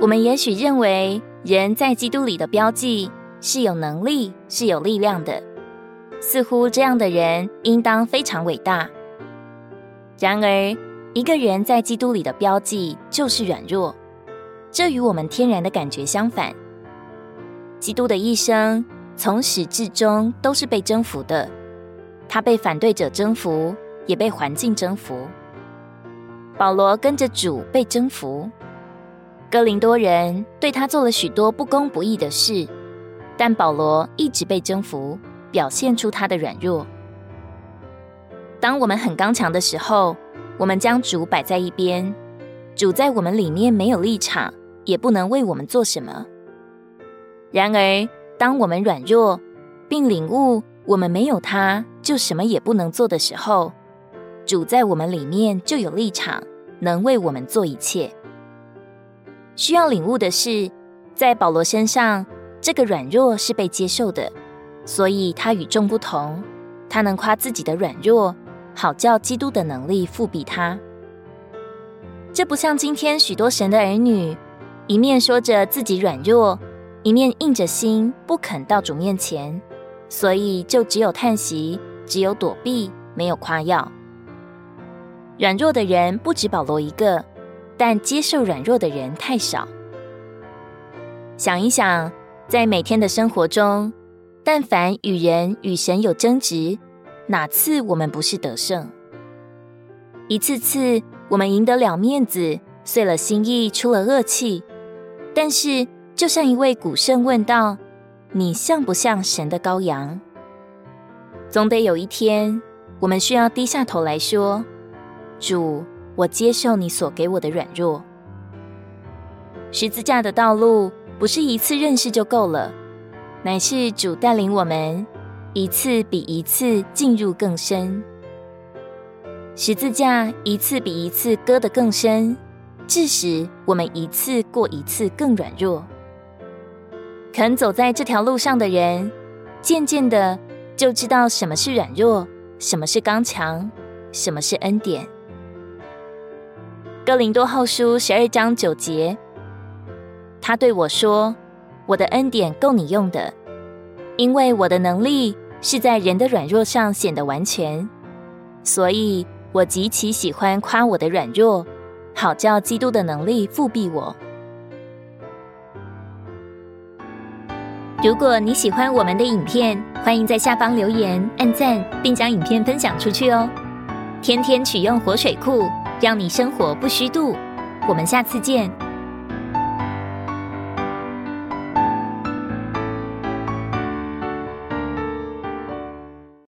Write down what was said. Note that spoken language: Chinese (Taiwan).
我們也許認為人在基督裡的標記是有能力、是有力量的，似乎這樣的人應當非常偉大。然而，一個人在基督裡的標記就是軟弱，這與我們天然的感覺相反。基督的一生從始至終都是被征服的，他被反對者征服，也被環境征服。保羅跟着主被征服。哥林多人對他做了許多不公不義的事，但保羅一直被征服，表現出他的軟弱。當我們很剛強的時候，我們將主擺在一邊，主在我們裡面沒有立場，也不能為我們做什麼。然而，當我們軟弱，並領悟我們沒有他就什麼也不能做的時候，主在我們裡面就有立場，能為我們做一切。需要領悟的是，在保羅身上，這個軟弱是被接受的，所以他與眾不同。他能誇自己的軟弱，好叫基督的能力覆庇他。這不像今天許多神的兒女，一面說着自己軟弱，一面硬着心不肯到主面前，所以就只有嘆息，只有躲避，沒有誇耀。軟弱的人不止保羅一個。但接受軟弱的人太少。想一想，在每天的生活中，但凡與人與神有爭執，哪次我們不是得勝？一次次我們贏得了面子，碎了心意，出了惡氣。但是，就像一位古聖問道：“你像不像神的羔羊？”總得有一天，我們需要低下頭來說：“主。”我接受你所給我的軟弱。十字架的道路不是一次認識就夠了，乃是主帶領我們一次比一次進入更深。十字架一次比一次割得更深，致使我們一次過一次更軟弱。肯走在這條路上的人，漸漸的就知道什麼是軟弱，什麼是剛強，什麼是恩典。哥林多後書十二章九節，他對我說：“我的恩典夠你用的，因為我的能力是在人的軟弱上顯得完全，所以我極其喜歡誇我的軟弱，好叫基督的能力覆庇我。”如果你喜歡我們的影片，歡迎在下方留言、按讚，並將影片分享出去哦！天天取用活水庫。讓你生活不虛度，我們下次見。